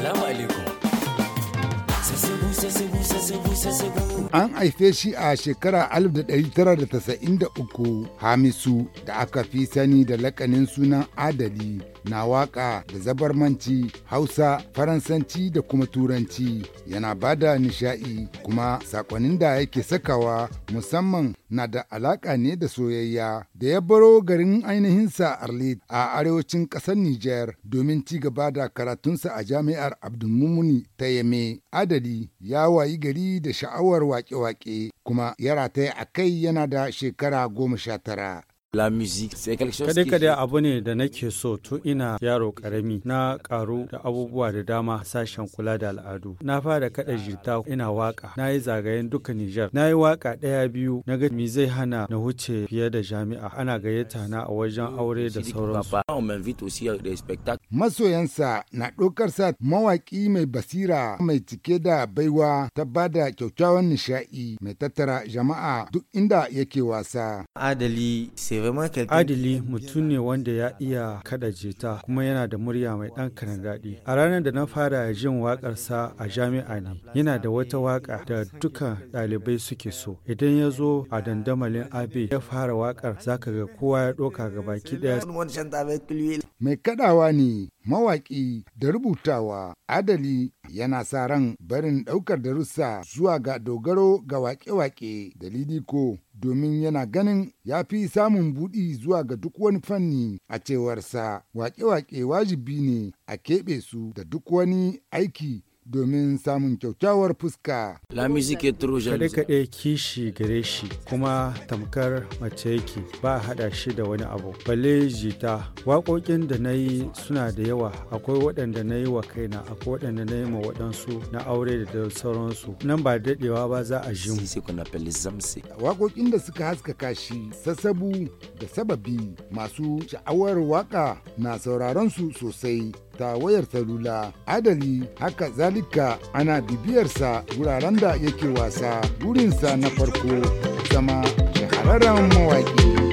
Assalamu alaikum. An haife shi a shekara 1993 Hamisu da aka fi sani da lakanin sunan Adali na waƙa da zabarmanci hausa faransanci da kuma turanci yana bada da nishaɗi kuma saƙonin da yake sakawa musamman na da alaƙa ne da soyayya da ya baro garin ainihinsa arlit a arewacin ƙasar niger domin ci gaba da karatunsa a jami'ar abdulmumuni ta yame adadi ya wayi gari da sha'awar wake-wake, kuma ya rataya a kai yana da shekara goma sha tara la musique c'est abu ne da nake so tun ina yaro karami na karu da abubuwa da dama sashen kula da al'adu na fara kada jirta ina waka na yi zagayen duka Nijar na yi waka daya biyu na ga mi zai hana na huce fiye da jami'a ana gayyata na a wajen euh, aure da sauransu masoyansa na ɗaukar sa mawaki mai basira mai cike da baiwa ta bada kyakkyawan nishaɗi mai tattara jama'a duk inda yake wasa adali sai Adili mutum ne wanda ya iya kada jita kuma yana da murya mai ɗan kanan daɗi. A ranar da na fara jin waƙarsa a jami'a ne, yana da wata waƙa da duka ɗalibai suke so. Idan ya zo a dandamalin Abe ya fara waƙar zaka ga kowa ya ɗauka ga baki ɗaya. Mai kaɗawa ne mawaƙi da rubutawa adali yana sa ran barin ɗaukar darussa zuwa ga dogaro ga waƙe-waƙe da lidiko domin yana ganin ya fi samun buɗi zuwa ga duk wani fanni a cewarsa wake-wake wajibi ne a keɓe su da duk wani aiki domin samun kyaukyawar fuska. Lamisi ke Kaɗe-kaɗe kishi gare shi kuma tamkar mace yake ba haɗa shi da wani abu. Balle jita waƙoƙin da na yi suna da yawa akwai waɗanda na yi wa kaina akwai waɗanda na yi ma waɗansu na aure da sauransu nan ba daɗewa ba za a ji mu. Waƙoƙin da suka haskaka shi sassabu da sababi masu sha'awar waƙa na sauraron su sosai. ta wayar salula adali haka zalika ana bibiyarsa wuraren da yake wasa wurinsa na farko zama shahararren mawaƙi.